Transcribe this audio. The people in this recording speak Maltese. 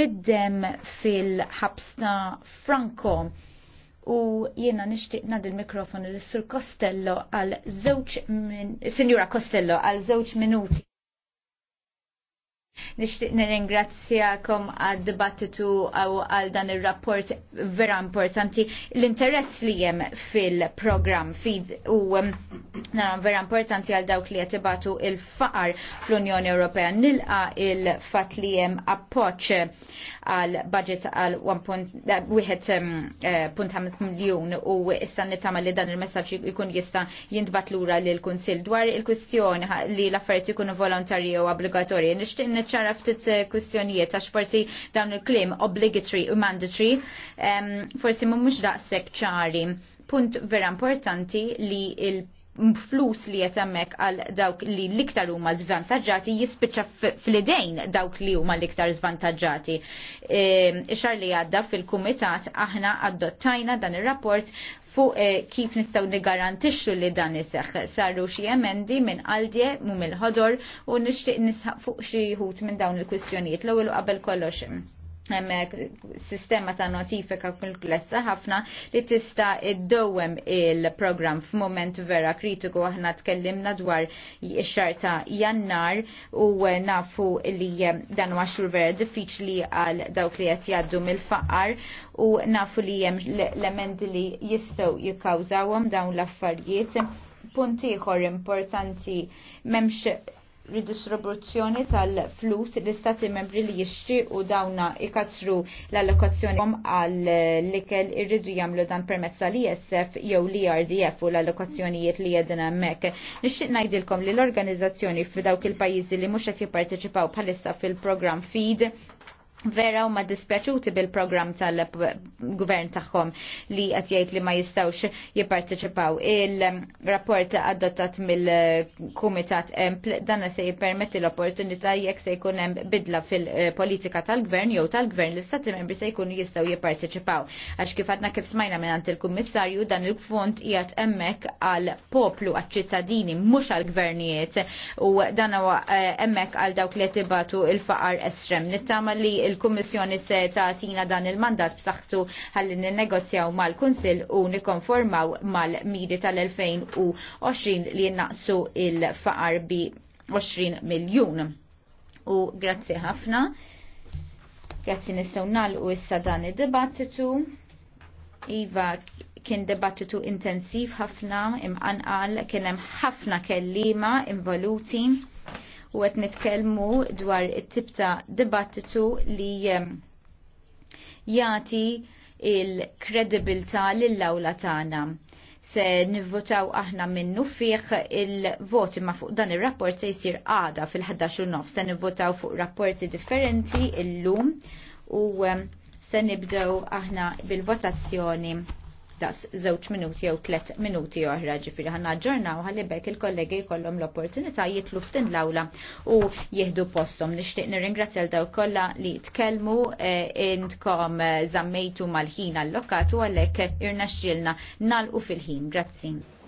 fiddem fil-ħabsta Franco u jiena nixtieq nad il-mikrofon l-Sur Costello għal żewġ min... Signora Costello għal żewġ minuti. Nishtiq nirringrazzjakom għad dibattitu għaw għal dan il-rapport vera importanti l-interess li jem fil-program feed u um, Naram vera importanti għal dawk li jattibatu il-faqar fl-Unjoni Ewropea nilqa il-fat li jem appoċ għal budget għal 1.5 eh, eh, miljon u issa nittama li dan il-messagġ ikun jista l lura li l-Kunsil dwar il-kwistjoni li l affariet ikunu volontarji u obbligatorji. Nixtieq niċċara ftit eh, kwistjonijiet għax forsi dawn il-klim obligatory u mandatory forsi mhumiex daqshekk ċari. Punt vera importanti li il- flus li jetemmek għal dawk li liktar huma zvantagġati jispiċċa fl-idejn dawk li huma liktar zvantagġati. Ehm, Ixar e, li għadda fil-kumitat aħna adottajna dan ir-rapport fuq eh, kif nistaw nigarantixxu li dan iseħħ. sarru xi emendi minn Aldje mu mill-ħodor u nixtieq nisħaq fuq xi ħut minn dawn il-kwistjonijiet l-ewwel qabel kollox sistema ta' notifika komplessa ħafna li tista' iddowem il-programm f'mument vera kritiku aħna tkellimna dwar ix-xar ta' jannar u nafu li dan huwa xhur vera diffiċli għal dawk li qed jgħaddu mill-faqar u nafu li hemm l-elementi li jistgħu jikkawżawhom dawn l-affarijiet. Punt ieħor importanti m'hemmx ridistribuzzjoni tal-flus l-istati membri li jixtri u dawna ikatru l-allokazzjoni għal l-ikel irridu jamlu dan permezz tal ISF jew l IRDF u l-allokazzjonijiet li jedna hemmhekk. Nixtieq ngħidilkom li l-organizzazzjoni f'dawk il-pajjiżi li mhux qed jipparteċipaw bħalissa fil-programm FEED vera huma dispjaċuti bil-programm tal-gvern tagħhom li qed jgħid li ma jistgħux jipparteċipaw. Il-rapport adottat mill-Kumitat Empl dan se jippermetti l-opportunità jekk se jkun hemm bidla fil-politika tal-gvern jew tal-gvern li stati membri se jkunu jistgħu jipparteċipaw. Għax kif għadna kif smajna minn il-Kummissarju dan il-fond qiegħed hemmhekk għal poplu għaċ-ċittadini mhux għal gvernijiet u dan huwa eh, hemmhekk għal dawk li tibatu il-faqar estrem. Nittama li il-Kummissjoni se tagħtina dan il-mandat b'saħħtu ħalli ninnegozjaw mal-Kunsill u nikkonformaw mal-miri tal-2020 li jnaqsu il-faqar bi 20 miljun. U grazzi ħafna. Grazzi nistgħu nagħlqu issa dan id-dibattitu. Iva, kien debattitu intensiv ħafna imqanqal kien hemm ħafna kellima involuti u qed nitkellmu dwar it-tip ta' dibattitu li jati il kredibilta lill lawla tagħna. Se nivvotaw aħna minnu fih il-voti ma fuq dan ir-rapport se jsir għada fil-11 Se nivvotaw fuq rapporti differenti illum u se nibdew aħna bil-votazzjoni daqs żewġ minuti jew tlet minuti oħra ġifieri ħanna ġġornaw ħalli bekk il-kollegi jkollhom l-opportunità jitlu ftin l-awla u jieħdu postom. Nixtieq l daw kollha li tkellmu eh, intkom eh, zammejtu mal-ħin allokat u għalhekk irnexxielna nalqu fil-ħin. Grazzi.